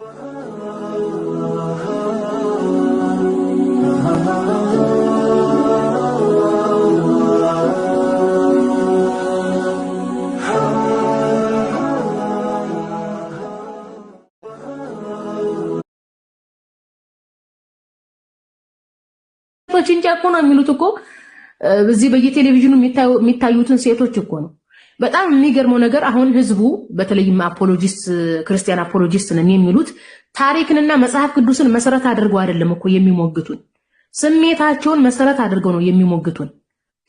ሴቶች እንጂ እኮ ነው የሚሉት እኮ በዚህ በየቴሌቪዥኑ የሚታዩትን ሴቶች እኮ ነው በጣም የሚገርመው ነገር አሁን ህዝቡ በተለይም አፖሎጂስት ክርስቲያን አፖሎጂስት ነን የሚሉት ታሪክንና መጽሐፍ ቅዱስን መሰረት አድርገው አይደለም እኮ የሚሞግቱን፣ ስሜታቸውን መሰረት አድርገው ነው የሚሞግቱን።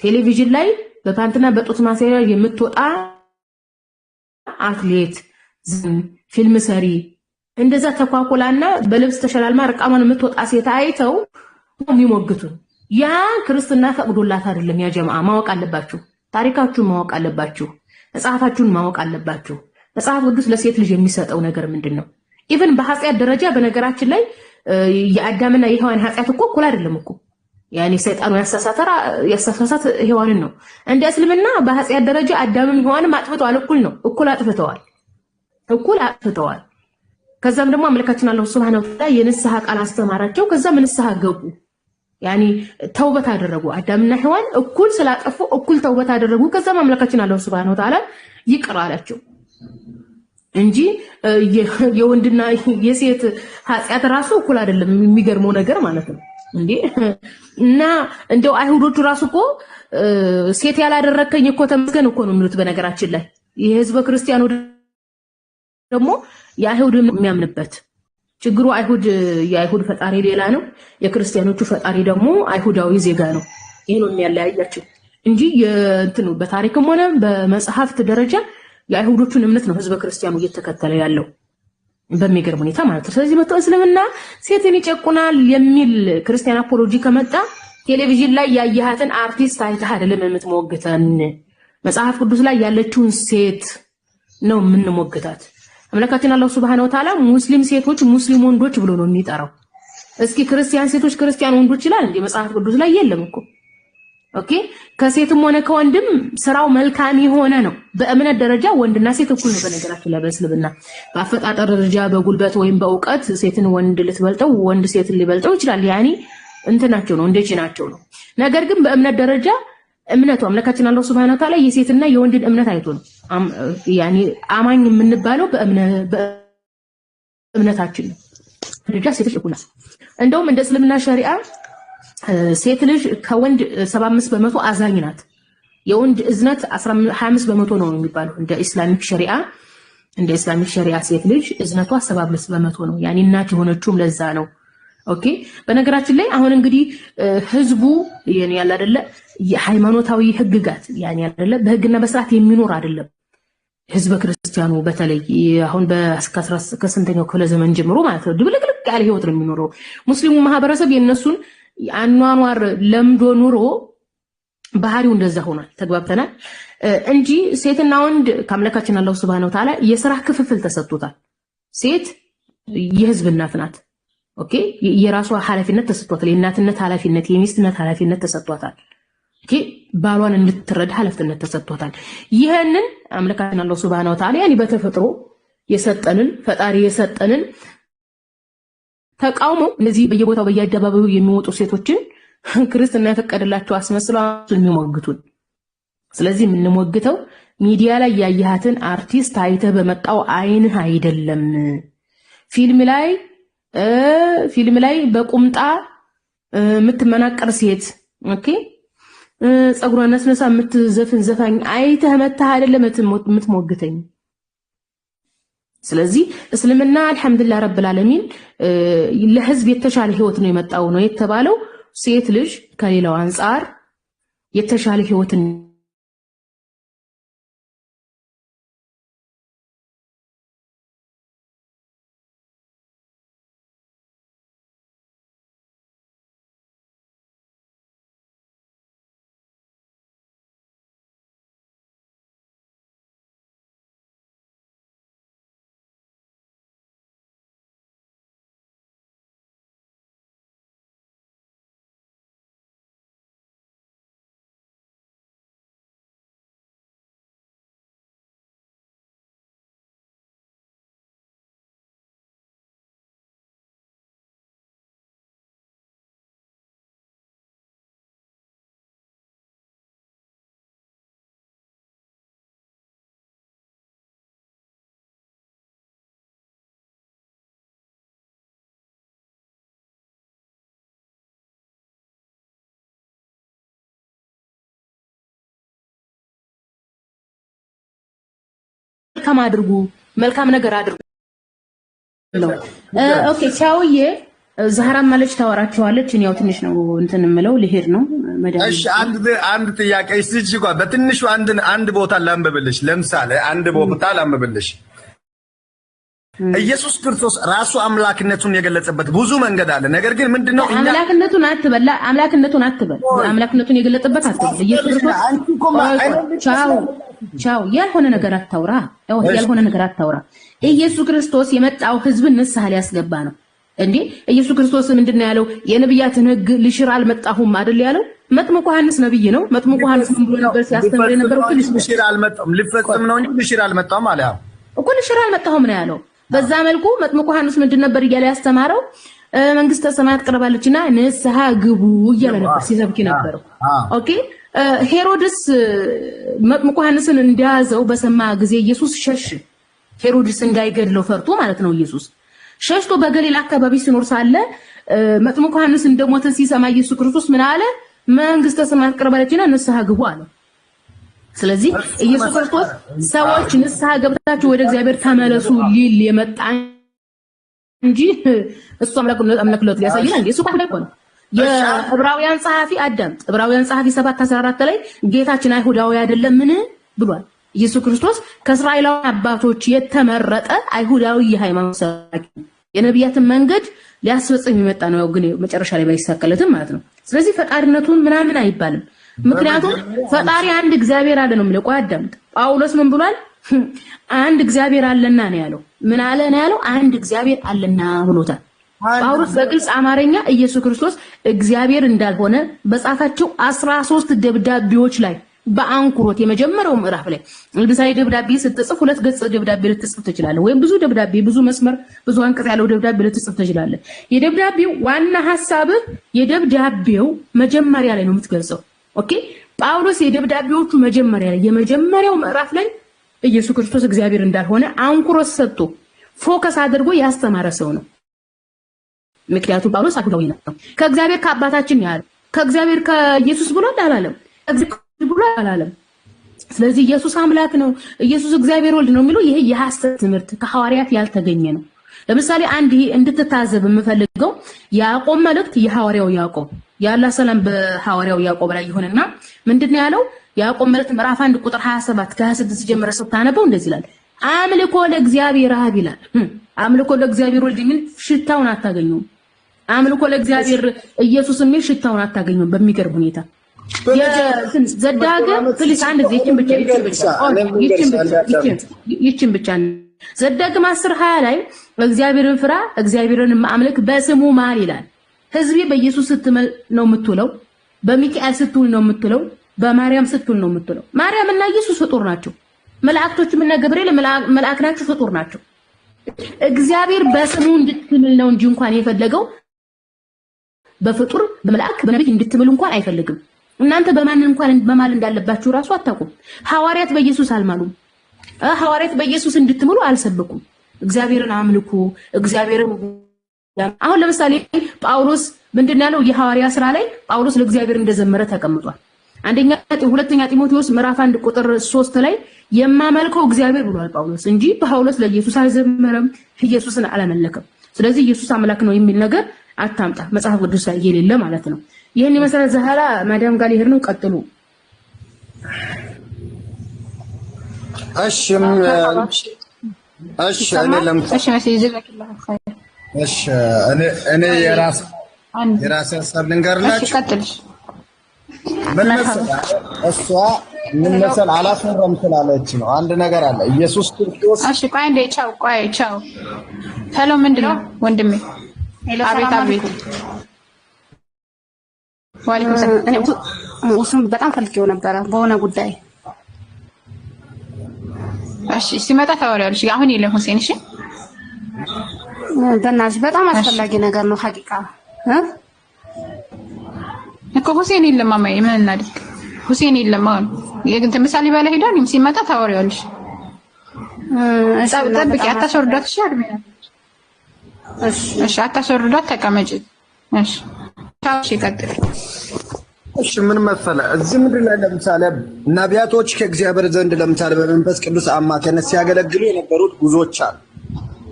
ቴሌቪዥን ላይ በፓንትና በጡት ማሰሪያ የምትወጣ አትሌት፣ ፊልም ሰሪ እንደዛ ተኳኩላና በልብስ ተሸላልማ ርቃማን የምትወጣ ሴት አይተው የሚሞግቱን። ያ ክርስትና ፈቅዶላት አይደለም። ያ ጀማ ማወቅ አለባችሁ። ታሪካችሁ ማወቅ አለባችሁ። መጽሐፋችሁን ማወቅ አለባችሁ። መጽሐፍ ቅዱስ ለሴት ልጅ የሚሰጠው ነገር ምንድን ነው? ኢቨን በኃጢአት ደረጃ በነገራችን ላይ የአዳምና የሔዋን ኃጢአት እኮ እኩል አይደለም እኮ ያኔ ሰይጣኑ ያሳሳሳት ሔዋንን ነው። እንደ እስልምና በኃጢአት ደረጃ አዳምም ሔዋንም አጥፍተዋል። እኩል ነው፣ እኩል አጥፍተዋል፣ እኩል አጥፍተዋል። ከዛም ደግሞ አምላካችን አላህ ሱብሃነሁ ወተዓላ የንስሐ ቃል አስተማራቸው። ከዛም ንስሐ ገቡ። ያኔ ተውበት አደረጉ። አዳምና ሔዋን እኩል ስላጠፉ እኩል ተውበት አደረጉ። ከዛ አምላካችን አላህ ሱብሃነሁ ወተዓላ ይቅር አላቸው እንጂ የወንድና የሴት ኃጢአት ራሱ እኩል አይደለም። የሚገርመው ነገር ማለት ነው እንዴ እና እንደው አይሁዶቹ ራሱ እኮ ሴት ያላደረከኝ እኮ ተመስገን እኮ ነው የሚሉት። በነገራችን ላይ የህዝበ ክርስቲያኑ ደግሞ የአይሁድ የሚያምንበት ችግሩ አይሁድ የአይሁድ ፈጣሪ ሌላ ነው፣ የክርስቲያኖቹ ፈጣሪ ደግሞ አይሁዳዊ ዜጋ ነው። ይህ ነው የሚያለያያቸው እንጂ የእንትኑ በታሪክም ሆነ በመጽሐፍት ደረጃ የአይሁዶቹን እምነት ነው ህዝበ ክርስቲያኑ እየተከተለ ያለው በሚገርም ሁኔታ ማለት ነው። ስለዚህ መቶ እስልምና ሴትን ይጨቁናል የሚል ክርስቲያን አፖሎጂ ከመጣ ቴሌቪዥን ላይ ያየሃትን አርቲስት አይተህ አይደለም የምትሞግተን፣ መጽሐፍ ቅዱስ ላይ ያለችውን ሴት ነው የምንሞግታት። አምላካችን አላህ ሱብሃነሁ ወተዓላ ሙስሊም ሴቶች ሙስሊም ወንዶች ብሎ ነው የሚጠራው። እስኪ ክርስቲያን ሴቶች ክርስቲያን ወንዶች ይላል እንዴ? መጽሐፍ ቅዱስ ላይ የለም እኮ። ኦኬ ከሴትም ሆነ ከወንድም ስራው መልካም የሆነ ነው። በእምነት ደረጃ ወንድና ሴት እኩል ነው። በነገራችን ላይ በእስልምና በአፈጣጠር ደረጃ በጉልበት ወይም በእውቀት ሴትን ወንድ ልትበልጠው፣ ወንድ ሴትን ሊበልጠው ይችላል። ያኔ እንትናቸው ነው እንደቺ ናቸው ነው። ነገር ግን በእምነት ደረጃ እምነቱ አምላካችን አላህ ሱብሃነሁ ወተዓላ የሴትና የወንድን እምነት አይቶ ነው። ያኔ አማኝ የምንባለው በእምነታችን ነው። ደረጃ ሴቶች እኩልናል። እንደውም እንደ እስልምና ሸሪዓ ሴት ልጅ ከወንድ 75 በመቶ አዛኝ ናት። የወንድ እዝነት 25 በመቶ ነው የሚባለው እንደ ኢስላሚክ ሸሪዓ እንደ ኢስላሚክ ሸሪዓ ሴት ልጅ እዝነቷ 75 በመቶ ነው። ያኔ እናት የሆነችውም ለዛ ነው ኦኬ በነገራችን ላይ አሁን እንግዲህ ህዝቡ ይሄን ያለ አይደለ የሃይማኖታዊ ህግጋት ያን ያለ አይደለ በህግና በስርዓት የሚኖር አይደለም። ህዝበ ክርስቲያኑ በተለይ አሁን ከስንተኛው ክፍለ ዘመን ጀምሮ ማለት ነው ድብልቅልቅ ያለ ህይወት ነው የሚኖረው። ሙስሊሙ ማህበረሰብ የእነሱን አኗኗር ለምዶ ኑሮ ባህሪው እንደዛ ሆኗል። ተግባብተናል እንጂ ሴትና ወንድ ከአምላካችን አላሁ ስብሃነ ወተዓላ የስራ ክፍፍል ተሰጥቶታል። ሴት የህዝብ እናት ናት። ኦኬ የራሷ ኃላፊነት ተሰጥቷታል። የእናትነት ኃላፊነት፣ የሚስትነት ኃላፊነት ተሰጥቷታል። ኦኬ ባሏን እንድትረዳ ኃላፊነት ተሰጥቷታል። ይህንን አምላካችን አላህ ሱብሃነሁ ወተዓላ ያኔ በተፈጥሮ የሰጠንን ፈጣሪ የሰጠንን ተቃውሞ እነዚህ በየቦታው በየአደባባዩ የሚወጡ ሴቶችን ክርስትና የፈቀደላቸው አስመስለው የሚሞግቱን። ስለዚህ የምንሞግተው ሚዲያ ላይ ያየሃትን አርቲስት አይተህ በመጣው አይንህ አይደለም ፊልም ላይ ፊልም ላይ በቁምጣ የምትመናቀር ሴት ኦኬ፣ ጸጉሯን አስነሳ የምትዘፍን ዘፋኝ አይተህ መታህ አይደለም የምትሞግተኝ። ስለዚህ እስልምና አልሐምዱሊላህ ረብል ዓለሚን ለህዝብ የተሻለ ህይወት ነው የመጣው ነው የተባለው። ሴት ልጅ ከሌላው አንጻር የተሻለ ህይወትን መልካም አድርጉ፣ መልካም ነገር አድርጉ ነው። ኦኬ ቻውዬ ዛህራ ማለች ታወራችኋለች። እኔ ያው ትንሽ ነው እንትን የምለው ልሄድ ነው። እሺ አንድ አንድ ጥያቄ እስቲ በትንሹ አንድ አንድ ቦታ ላንብብልሽ። ለምሳሌ አንድ ቦታ ላንብብልሽ ኢየሱስ ክርስቶስ ራሱ አምላክነቱን የገለጸበት ብዙ መንገድ አለ። ነገር ግን ምንድነው እኛ አምላክነቱን አትበላ አምላክነቱን አትበል አምላክነቱን የገለጸበት አትበል። ኢየሱስ ክርስቶስ ቻው ቻው ያልሆነ ነገር አታውራ፣ ያልሆነ ነገር አታውራ። ኢየሱስ ክርስቶስ የመጣው ህዝብን ንስሐ ሊያስገባ ነው እንዴ? ኢየሱስ ክርስቶስ ምንድነው ያለው? የነብያትን ህግ ልሽር አልመጣሁም አይደል ያለው? መጥምቁ ዮሐንስ ነብይ ነው። መጥምቁ ዮሐንስ ምን ብሎ ነበር ሲያስተምር የነበረው? ልሽር አልመጣሁም፣ ልፈጽም ነው እንጂ ልሽር አልመጣሁም አለ። እኮ ልሽር አልመጣሁም ነው ያለው በዛ መልኩ መጥምቁ ዮሐንስ ምንድን ነበር እያለ ያስተማረው? መንግስተ ሰማያት ቀርባለችና ንስሐ ግቡ እያለ ነበር ሲሰብክ ነበረው። ኦኬ ሄሮድስ መጥምቁ ዮሐንስን እንደያዘው በሰማ ጊዜ ኢየሱስ ሸሽ። ሄሮድስ እንዳይገድለው ፈርቶ ማለት ነው። ኢየሱስ ሸሽቶ በገሊላ አካባቢ ሲኖር ሳለ መጥምቁ ዮሐንስ እንደሞተ ሲሰማ ኢየሱስ ክርስቶስ ምን አለ? መንግስተ ሰማያት ቀርባለችና ንስሐ ግቡ አለው። ስለዚህ ኢየሱስ ክርስቶስ ሰዎች ንስሐ ገብታችሁ ወደ እግዚአብሔር ተመለሱ ሊል የመጣ እንጂ እሱ አምላክነቱ ሊያሳየን እንዴ? እሱ ካለ ነው። የዕብራውያን ጸሐፊ አዳምጥ። ዕብራውያን ጸሐፊ 7 14 ላይ ጌታችን አይሁዳዊ አይደለምን ብሏል። ኢየሱስ ክርስቶስ ከእስራኤላዊ አባቶች የተመረጠ አይሁዳዊ የሃይማኖት ሰባኪ የነቢያትን መንገድ ሊያስፈጽም የመጣ ነው። ግን መጨረሻ ላይ ባይሳካለትም ማለት ነው። ስለዚህ ፈቃድነቱን ምናምን አይባልም። ምክንያቱም ፈጣሪ አንድ እግዚአብሔር አለ ነው የምልህ። ቆይ አዳምጥ። ጳውሎስ ምን ብሏል? አንድ እግዚአብሔር አለና ነው ያለው። ምን አለ ነው ያለው? አንድ እግዚአብሔር አለና ብሎታል። ጳውሎስ በግልጽ አማርኛ ኢየሱስ ክርስቶስ እግዚአብሔር እንዳልሆነ በጻፋቸው አስራ ሶስት ደብዳቤዎች ላይ በአንኩሮት የመጀመሪያው ምዕራፍ ላይ ለምሳሌ ደብዳቤ ስትጽፍ ሁለት ገጽ ደብዳቤ ልትጽፍ ትችላለህ፣ ወይም ብዙ ደብዳቤ ብዙ መስመር ብዙ አንቀጽ ያለው ደብዳቤ ልትጽፍ ትችላለህ። የደብዳቤው ዋና ሀሳብህ የደብዳቤው መጀመሪያ ላይ ነው የምትገልጸው። ኦኬ ጳውሎስ የደብዳቤዎቹ መጀመሪያ ላይ የመጀመሪያው ምዕራፍ ላይ ኢየሱስ ክርስቶስ እግዚአብሔር እንዳልሆነ አንኩሮስ ሰጥቶ ፎከስ አድርጎ ያስተማረ ሰው ነው። ምክንያቱም ጳውሎስ አይሁዳዊ ነው። ከእግዚአብሔር ከአባታችን ያለ ከእግዚአብሔር ከኢየሱስ ብሎ አላለም፣ ከእግዚአብሔር ብሎ አላለም። ስለዚህ ኢየሱስ አምላክ ነው፣ ኢየሱስ እግዚአብሔር ወልድ ነው የሚለው ይሄ የሐሰት ትምህርት ከሐዋርያት ያልተገኘ ነው። ለምሳሌ አንድ ይሄ እንድትታዘብ የምፈልገው ያዕቆብ መልእክት የሐዋርያው ያዕቆብ ያላ ሰላም በሐዋርያው ያዕቆብ ላይ ይሆንና ምንድን ያለው ያዕቆብ መልእክት ምዕራፍ 1 ቁጥር 27 ከ26 ጀምረ ስታነበው እንደዚህ ይላል። አምልኮ ለእግዚአብሔር አብ ይላል። አምልኮ ለእግዚአብሔር ወልድ የሚል ሽታውን አታገኙም። አምልኮ ለእግዚአብሔር ኢየሱስ የሚል ሽታውን አታገኙም። በሚገርም ሁኔታ ዘዳግም ፕሊስ አንድ ጊዜ ይችን ብቻ ይችን ብቻ ዘዳግም አስር ሀያ ላይ እግዚአብሔርን ፍራ እግዚአብሔርን ማምልክ በስሙ ማል ይላል። ህዝቤ በኢየሱስ ስትምል ነው የምትውለው፣ በሚካኤል ስትውል ነው የምትውለው፣ በማርያም ስትውል ነው የምትውለው። ማርያም እና ኢየሱስ ፍጡር ናቸው። መላእክቶችም እና ገብርኤል መልአክ ናቸው፣ ፍጡር ናቸው። እግዚአብሔር በስሙ እንድትምል ነው እንጂ እንኳን የፈለገው በፍጡር በመልአክ በነቢይ እንድትምል እንኳን አይፈልግም። እናንተ በማን እንኳን በማል እንዳለባችሁ ራሱ አታውቁም። ሐዋርያት በኢየሱስ አልማሉም። ሐዋርያት በኢየሱስ እንድትምሉ አልሰበኩም። እግዚአብሔርን አምልኩ፣ እግዚአብሔርን አሁን ለምሳሌ ጳውሎስ ምንድን ያለው የሐዋርያ ስራ ላይ ጳውሎስ ለእግዚአብሔር እንደዘመረ ተቀምጧል። አንደኛ ሁለተኛ ጢሞቴዎስ ምዕራፍ አንድ ቁጥር ሶስት ላይ የማመልከው እግዚአብሔር ብሏል ጳውሎስ እንጂ ጳውሎስ ለኢየሱስ አልዘመረም፣ ኢየሱስን አላመለከም። ስለዚህ ኢየሱስ አምላክ ነው የሚል ነገር አታምጣ፣ መጽሐፍ ቅዱስ ላይ የሌለ ማለት ነው። ይህን የመሰረት ዘሐላ ማዳም ጋር ሊሄድ ነው። ቀጥሉ እሺ እሺ እኔ ለምታ እሺ እኔ እኔ የራስ የራስ ሀሳብ ልንገርላችሁ። ምን መሰለህ እሷ ምን መሰለህ ስላለች ነው። አንድ ነገር አለ ኢየሱስ ክርስቶስ። እሺ ቆይ እንደ ቻው፣ ቆይ ቻው። ሄሎ፣ ምንድን ነው ወንድሜ? አቤት አቤት። ሰላም። እኔ በጣም ፈልጌው ነበረ በሆነ ጉዳይ እሺ፣ ሲመጣ ታወሪያለሽ። አሁን የለም ሁሴን። እሺ፣ በእናትሽ በጣም አስፈላጊ ነገር ነው። ሀቂቃ እኮ ሁሴን የለም። ማማዬ ምን እናድርግ? ሁሴን የለም። አሁን እንትን ምሳሌ ባለ ሄዳል። ሲመጣ ታወሪያለሽ። ጠብቂ፣ አታስወርዷት። እሺ፣ አድሜ እሺ፣ አታስወርዷት። ተቀመጭ። እሺ፣ ታውሽ ይቀጥል እሺ ምን መሰለ እዚህ ምድር ላይ ለምሳሌ ነቢያቶች ከእግዚአብሔር ዘንድ ለምሳሌ በመንፈስ ቅዱስ አማካኝነት ሲያገለግሉ የነበሩት ብዙዎች አሉ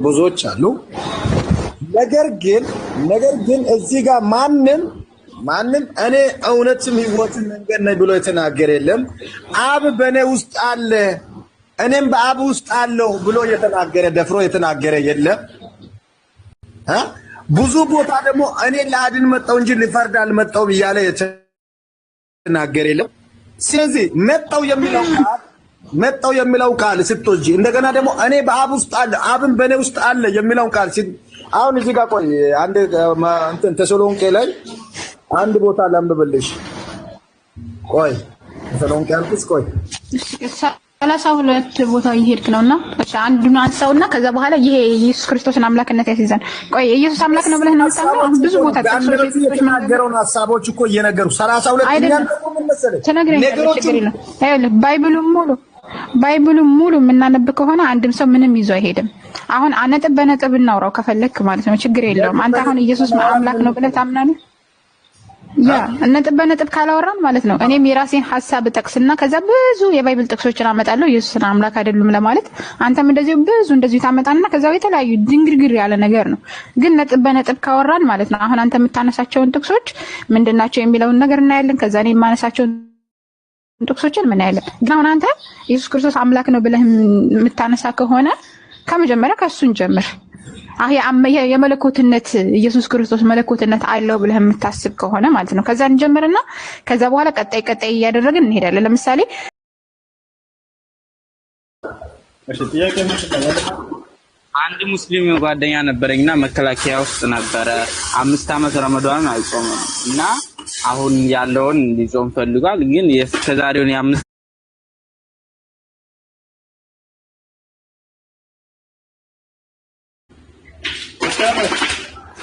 ብዙዎች አሉ። ነገር ግን ነገር ግን እዚህ ጋር ማንም ማንም እኔ እውነትም ህይወትን መንገድ ነኝ ብሎ የተናገረ የለም። አብ በእኔ ውስጥ አለ እኔም በአብ ውስጥ አለው ብሎ የተናገረ ደፍሮ የተናገረ የለም። ብዙ ቦታ ደግሞ እኔ ለአድን መጣው እንጂ ልፈርድ አልመጣውም እያለ ትናገር የለም። ስለዚህ መጣው የሚለው ቃል መጣው የሚለው ቃል ስትወጂ እንደገና ደግሞ እኔ በአብ ውስጥ አለ አብን በእኔ ውስጥ አለ የሚለውን ቃል አሁን እዚህ ጋር ቆይ አንድ እንትን ተሰሎንቄ ላይ አንድ ቦታ ላንብብልሽ። ቆይ ተሰሎንቄ አልኩስ ቆይ ሰላሳ ሁለት ቦታ እየሄድክ ነውና፣ እሺ አንዱን አንሳውና ከዛ በኋላ ይሄ ኢየሱስ ክርስቶስን አምላክነት ያስይዘን። ቆይ ኢየሱስ አምላክ ነው ብለህ ነው ብዙ ቦታ የተናገረውን ሀሳቦች እኮ እየነገሩ ሰላሳ ሁለት ይላል። ባይብሉም ሙሉ ባይብሉም ሙሉ የምናነብ ከሆነ አንድም ሰው ምንም ይዞ አይሄድም። አሁን አነጥብ በነጥብ እናውራው ከፈለክ ማለት ነው፣ ችግር የለውም። አንተ አሁን ኢየሱስ አምላክ ነው ብለህ ታምናለህ? ያ ነጥብ በነጥብ ካላወራን ማለት ነው። እኔም የራሴን ሀሳብ ጠቅስና ከዛ ብዙ የባይብል ጥቅሶችን አመጣለሁ ኢየሱስን አምላክ አይደሉም ለማለት አንተም እንደዚሁ ብዙ እንደዚሁ ታመጣና ከዛው የተለያዩ ድንግርግር ያለ ነገር ነው። ግን ነጥብ በነጥብ ካወራን ማለት ነው አሁን አንተ የምታነሳቸውን ጥቅሶች ምንድናቸው የሚለውን ነገር እናያለን። ከዛ እኔ የማነሳቸውን ጥቅሶችን ምናያለን። ግን አሁን አንተ ኢየሱስ ክርስቶስ አምላክ ነው ብለህ የምታነሳ ከሆነ ከመጀመሪያ ከእሱን ጀምር። የመለኮትነት ኢየሱስ ክርስቶስ መለኮትነት አለው ብለህ የምታስብ ከሆነ ማለት ነው። ከዛ እንጀምርና ከዛ በኋላ ቀጣይ ቀጣይ እያደረግን እንሄዳለን። ለምሳሌ አንድ ሙስሊም ጓደኛ ነበረኝና መከላከያ ውስጥ ነበረ። አምስት ዓመት ረመዷን አይጾምም እና አሁን ያለውን ሊጾም ፈልጓል። ግን ከዛሬውን የአምስት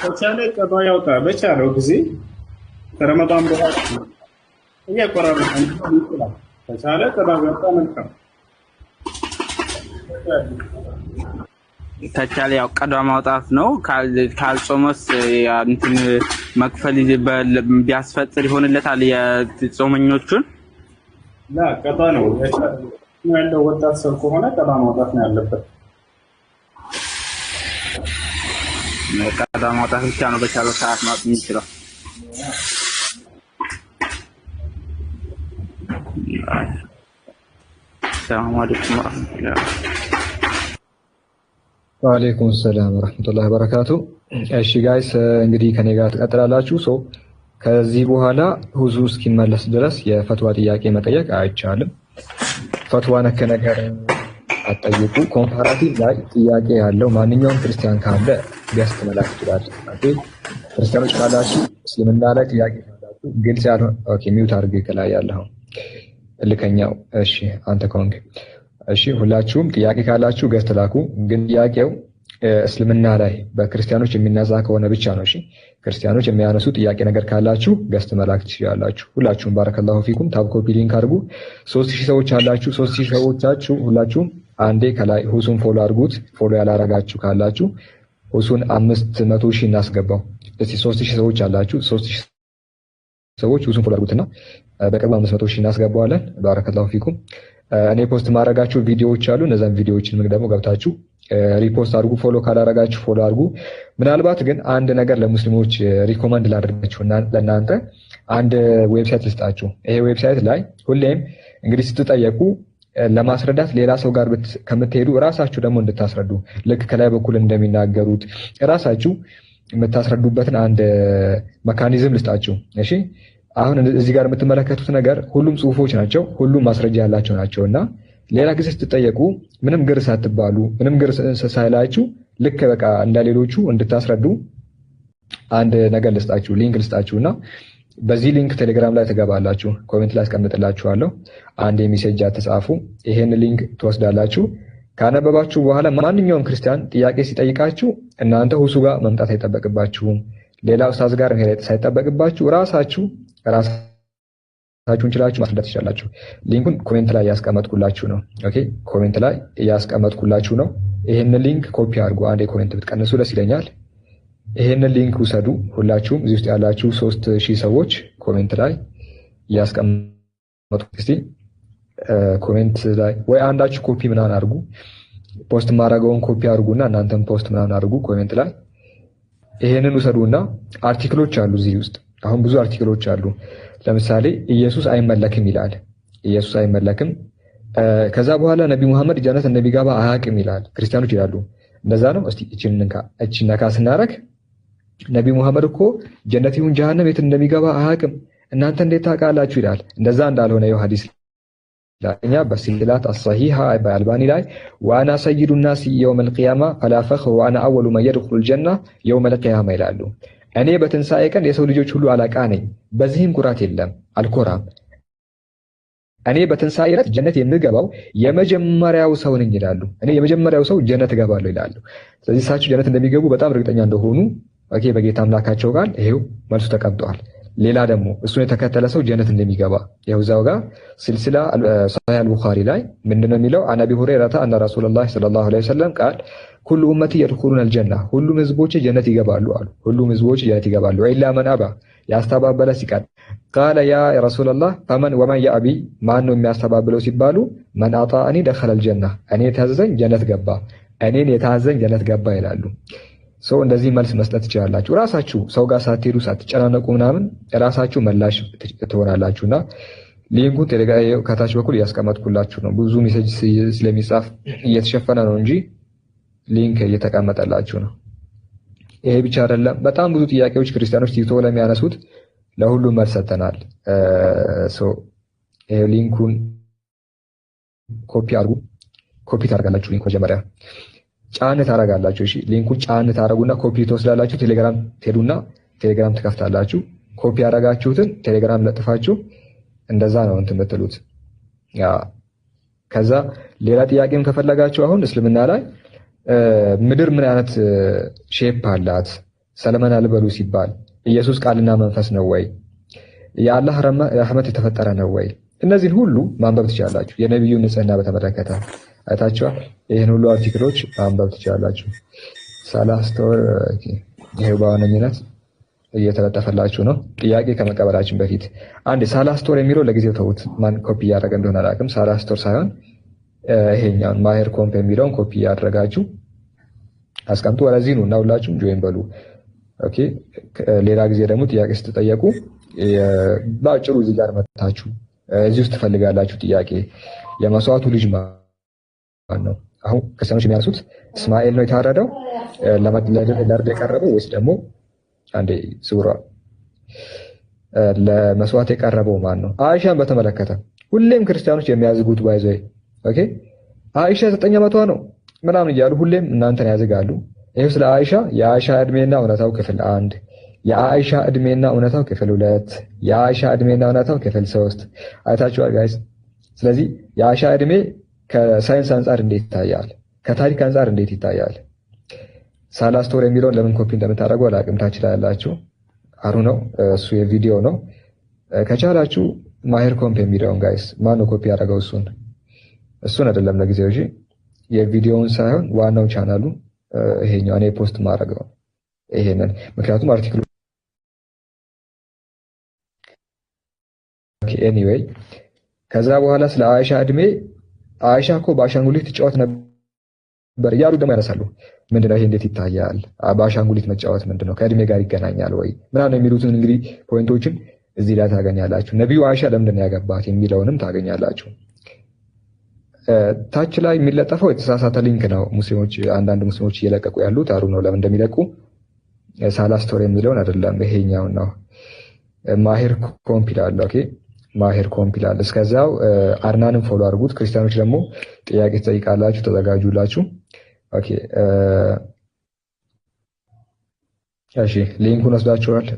ከቻለ ቀዷ ያውጣ በቻለው ጊዜ ከረመዳን በኋላ እያቆራረጠ ይችላል። ከቻለ ቀዷ ያውጣ መልካም። ተቻለ ያው ቀዷ ማውጣት ነው። ካልጾመስ እንትን መክፈል ቢያስፈጥር ይሆንለታል የጾመኞቹን ቀዷ ነው ያለው። ወጣት ሰው ከሆነ ቀዷ ማውጣት ነው ያለበት። ነቃዳ ማውጣት ብቻ ነው በቻለው ሰዓት ማውጣት የሚችለው። ሰላም አለይኩም ወአለይኩም ሰላም ወራህመቱላሂ ወበረካቱ። እሺ ጋይስ እንግዲህ ከኔ ጋር ትቀጥላላችሁ። ሶ ከዚህ በኋላ ሁዙ እስኪመለስ ድረስ የፈትዋ ጥያቄ መጠየቅ አይቻልም። ፈትዋ ነክ ነገር አጠይቁ ኮምፓራቲቭ ላይ ጥያቄ ያለው ማንኛውም ክርስቲያን ካለ ሊያስት መላክ ይችላል። ክርስቲያኖች ካላችሁ እስልምና ላይ ጥያቄ ካላችሁ ግልጽ ያልሆነ ሚዩት አድርጌ ከላይ ያለው ልከኛው። እሺ አንተ ከሆንክ እሺ፣ ሁላችሁም ጥያቄ ካላችሁ ገዝት ላኩ። ግን ጥያቄው እስልምና ላይ በክርስቲያኖች የሚነዛ ከሆነ ብቻ ነው። እሺ ክርስቲያኖች የሚያነሱ ጥያቄ ነገር ካላችሁ ገስት መላክ ትችላላችሁ። ሁላችሁም ባረከላሁ ፊኩም ታብ ሊንክ አድርጉ። ሶስት ሺህ ሰዎች አላችሁ። ሶስት ሺህ ሰዎቻችሁ ሁላችሁም አንዴ ከላይ ሁሱን ፎሎ አድርጉት። ፎሎ ያላረጋችሁ ካላችሁ ሁሱን አምስት መቶ ሺህ እናስገባው። እስቲ ሶስት ሺህ ሰዎች አላችሁ። ሶስት ሺህ ሰዎች ሁሱን ፎሎ አድርጉትና በቅርብ አምስት መቶ ሺህ እናስገባዋለን። ባረከላሁ ፊኩም። እኔ ፖስት ማድረጋችሁ ቪዲዮዎች አሉ። እነዛን ቪዲዮዎችን ደግሞ ገብታችሁ ሪፖስት አድርጉ። ፎሎ ካላረጋችሁ ፎሎ አድርጉ። ምናልባት ግን አንድ ነገር ለሙስሊሞች ሪኮመንድ ላደርጋችሁ ለእናንተ አንድ ዌብሳይት ልስጣችሁ። ይሄ ዌብሳይት ላይ ሁሌም እንግዲህ ስትጠየቁ ለማስረዳት ሌላ ሰው ጋር ከምትሄዱ እራሳችሁ ደግሞ እንድታስረዱ ልክ ከላይ በኩል እንደሚናገሩት እራሳችሁ የምታስረዱበትን አንድ መካኒዝም ልስጣችሁ። እሺ፣ አሁን እዚህ ጋር የምትመለከቱት ነገር ሁሉም ጽሁፎች ናቸው፣ ሁሉም ማስረጃ ያላቸው ናቸው እና ሌላ ጊዜ ስትጠየቁ ምንም ግር ሳትባሉ ምንም ግር ሳይላችሁ ልክ በቃ እንደሌሎቹ እንድታስረዱ አንድ ነገር ልስጣችሁ፣ ሊንክ ልስጣችሁ እና በዚህ ሊንክ ቴሌግራም ላይ ትገባላችሁ። ኮሜንት ላይ አስቀምጥላችኋለሁ። አንድ የሚሴጅ አትጻፉ። ይሄን ሊንክ ትወስዳላችሁ። ካነበባችሁ በኋላ ማንኛውም ክርስቲያን ጥያቄ ሲጠይቃችሁ እናንተ ሁሱ ጋር መምጣት አይጠበቅባችሁም። ሌላ ኡስታዝ ጋር መሄድ ሳይጠበቅባችሁ ራሳችሁ ራሳችሁን ችላችሁ ማስረዳት ይችላላችሁ። ሊንኩን ኮሜንት ላይ እያስቀመጥኩላችሁ ነው። ኦኬ ኮሜንት ላይ እያስቀመጥኩላችሁ ነው። ይህን ሊንክ ኮፒ አድርጉ። አንድ የኮሜንት ብትቀንሱ ደስ ይለኛል። ይሄንን ሊንክ ውሰዱ ሁላችሁም እዚህ ውስጥ ያላችሁ ሶስት ሺህ ሰዎች ኮሜንት ላይ እያስቀመጡ እስቲ ኮሜንት ላይ ወይ አንዳችሁ ኮፒ ምናምን አድርጉ። ፖስት ማድረገውን ኮፒ አድርጉና እናንተም ፖስት ምናምን አድርጉ ኮሜንት ላይ ይሄንን ውሰዱና አርቲክሎች አሉ እዚህ ውስጥ አሁን ብዙ አርቲክሎች አሉ። ለምሳሌ ኢየሱስ አይመለክም ይላል። ኢየሱስ አይመለክም። ከዛ በኋላ ነቢ ሙሐመድ ጀነት እንደሚገባ አያውቅም ይላል። ክርስቲያኖች ይላሉ። እንደዛ ነው። እስቲ እችን ነካ ስናደርግ ነቢ ሙሐመድ እኮ ጀነት ይሁን ጀሃነም የት እንደሚገባ አያውቅም፣ እናንተ እንዴት ታውቃላችሁ ይላል። እንደዛ እንዳልሆነ ይኸው ሀዲስ ላኛ በሲላት አሳሂሃ በአልባኒ ላይ ዋና ሰይዱ ናሲ የውም ልቅያማ ፈላፈክ ዋና አወሉ መየድኩል ጀና የውም ልቅያማ ይላሉ። እኔ በትንሣኤ ቀን የሰው ልጆች ሁሉ አለቃ ነኝ፣ በዚህም ኩራት የለም አልኮራም። እኔ በትንሣኤ ዕለት ጀነት የምገባው የመጀመሪያው ሰው ነኝ ይላሉ። እኔ የመጀመሪያው ሰው ጀነት እገባለሁ ይላሉ። ስለዚህ እሳቸው ጀነት እንደሚገቡ በጣም እርግጠኛ እንደሆኑ ኦኬ በጌታ አምላካቸው ቃል ይሄው መልሱ ተቀምጠዋል። ሌላ ደግሞ እሱን የተከተለ ሰው ጀነት እንደሚገባ ይኸው እዛው ጋር ስልስላ ሰሒህ አልቡኻሪ ላይ ነው የሚለው? አን አቢ ሁረይረተ አነ ረሱሉላህ ሰለላሁ ዐለይሂ ወሰለም ቃል ኩሉ ኡመቲ የድኩሉን አልጀና ሁሉም ህዝቦች ጀነት ይገባሉ አሉ። ሁሉም ህዝቦች ጀነት ይገባሉ። ኢላ መን አባ ያስተባበለ ሲቀር ቃለ ያ ረሱላላህ ፈመን ወመን የአቢ ማን ነው የሚያስተባብለው ሲባሉ መን አጣኒ ደኸለል ጀና እኔ የታዘዘኝ ጀነት ገባ፣ እኔን የታዘዘኝ ጀነት ገባ ይላሉ። ሰው እንደዚህ መልስ መስጠት ትችላላችሁ። ራሳችሁ ሰው ጋር ሳትሄዱ ሳትጨናነቁ ምናምን ራሳችሁ መላሽ ትሆናላችሁና ሊንኩን ከታች በኩል እያስቀመጥኩላችሁ ነው። ብዙ ሜሴጅ ስለሚጻፍ እየተሸፈነ ነው እንጂ ሊንክ እየተቀመጠላችሁ ነው። ይሄ ብቻ አይደለም። በጣም ብዙ ጥያቄዎች ክርስቲያኖች ቲክቶክ ለሚያነሱት ለሁሉም መልስ ሰጥተናል። ሊንኩን ኮፒ አድርጉ። ኮፒ ታደርጋላችሁ ሊንክ መጀመሪያ ጫን ታደርጋላችሁ። እሺ ሊንኩን ጫን ታደርጉና ኮፒ ትወስዳላችሁ። ቴሌግራም ትሄዱና ቴሌግራም ትከፍታላችሁ። ኮፒ ያደረጋችሁትን ቴሌግራም ለጥፋችሁ እንደዛ ነው እንትን የምትሉት። ከዛ ሌላ ጥያቄም ከፈለጋችሁ አሁን እስልምና ላይ ምድር ምን አይነት ሼፕ አላት? ሰለመን አልበሉ ሲባል ኢየሱስ ቃልና መንፈስ ነው ወይ? የአላህ ረህመት የተፈጠረ ነው ወይ? እነዚህን ሁሉ ማንበብ ትችላላችሁ። የነቢዩ ንጽህና በተመለከተ አይታችኋል። ይህን ሁሉ አርቲክሎች ማንበብ ትችላላችሁ። ሳላስተወር ይሄ በዋነኝነት እየተለጠፈላችሁ ነው። ጥያቄ ከመቀበላችን በፊት አንድ ሳላስቶር የሚለው ለጊዜው ተውት። ማን ኮፒ እያደረገ እንደሆነ አላውቅም። ሳላስቶር ሳይሆን ይሄኛውን ማሄር ኮምፕ የሚለውን ኮፒ እያደረጋችሁ አስቀምጡ። ወደዚህ ኑ እና ሁላችሁም ጆይን በሉ። ኦኬ። ሌላ ጊዜ ደግሞ ጥያቄ ስትጠየቁ በአጭሩ እዚህ ጋር መታችሁ እዚህ ውስጥ ትፈልጋላችሁ ጥያቄ የመስዋዕቱ ልጅ ማ ነው። አሁን ክርስቲያኖች የሚያነሱት እስማኤል ነው የታረደው ለእርድ የቀረበው ወይስ ደግሞ አንዴ ስውሯ ለመስዋዕት የቀረበው ማን ነው? አይሻን በተመለከተ ሁሌም ክርስቲያኖች የሚያዝጉት ባይዘይ አይሻ ዘጠኝ ዓመቷ ነው ምናምን እያሉ ሁሌም እናንተን ያዝጋሉ። ይህ ስለ አይሻ የአይሻ እድሜና እውነታው ክፍል አንድ የአይሻ እድሜና እውነታው ክፍል ሁለት የአይሻ እድሜና እውነታው ክፍል ሶስት አይታችኋል ጋይስ። ስለዚህ የአይሻ እድሜ ከሳይንስ አንጻር እንዴት ይታያል? ከታሪክ አንጻር እንዴት ይታያል? ሳላስቶር የሚለውን ለምን ኮፒ እንደምታደርጉ አላቅም። ታች ላይ ያላችሁ አሩ ነው እሱ የቪዲዮ ነው። ከቻላችሁ ማሄር ኮምፕ የሚለውን ጋይስ ማን ነው ኮፒ ያደረገው? እሱን እሱን አይደለም ለጊዜው እንጂ የቪዲዮውን ሳይሆን ዋናው ቻናሉ ይሄኛው እኔ ፖስት ማድረገው ይሄንን፣ ምክንያቱም አርቲክሉ ኤኒዌይ ከዛ በኋላ ስለ አይሻ እድሜ አይሻ እኮ በአሻንጉሊት ትጫወት ነበር እያሉ ደግሞ ያነሳሉ። ምንድነው ይሄ? እንዴት ይታያል? በአሻንጉሊት መጫወት ምንድነው? ከእድሜ ጋር ይገናኛል ወይ ምናምን የሚሉትን እንግዲህ ፖይንቶችን እዚህ ላይ ታገኛላችሁ። ነቢዩ አይሻ ለምንድን ያገባት የሚለውንም ታገኛላችሁ። ታች ላይ የሚለጠፈው የተሳሳተ ሊንክ ነው። ሙስሊሞች አንዳንድ ሙስሊሞች እየለቀቁ ያሉት አሩ ነው። ለምን እንደሚለቁ ሳላ ስቶሪ የሚለውን አይደለም፣ ይሄኛው ነው። ማሄር ኮምፒል አለ። ኦኬ ማሄር ኮምፕ ይላል። እስከዚያው አርናንም ፎሎ አድርጉት። ክርስቲያኖች ደግሞ ጥያቄ ትጠይቃላችሁ፣ ተዘጋጁላችሁ። ኦኬ እሺ፣ ሊንኩን ወስዳችኋል።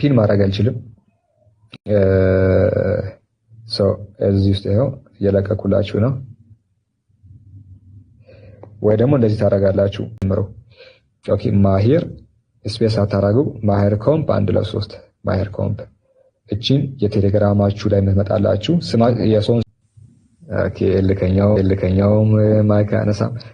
ፒን ማድረግ አልችልም። እዚህ ውስጥ ይኸው እየለቀኩላችሁ ነው። ወይ ደግሞ እንደዚህ ታደርጋላችሁ። ምረው ማሄር ስፔስ አታረጉ። ማሄር ኮምፕ አንድ ለሶስት ማሄር ኮምፕ እችን የቴሌግራማችሁ ላይ የምትመጣላችሁ የሰውን ልከኛው ልከኛውም ማይክ አነሳም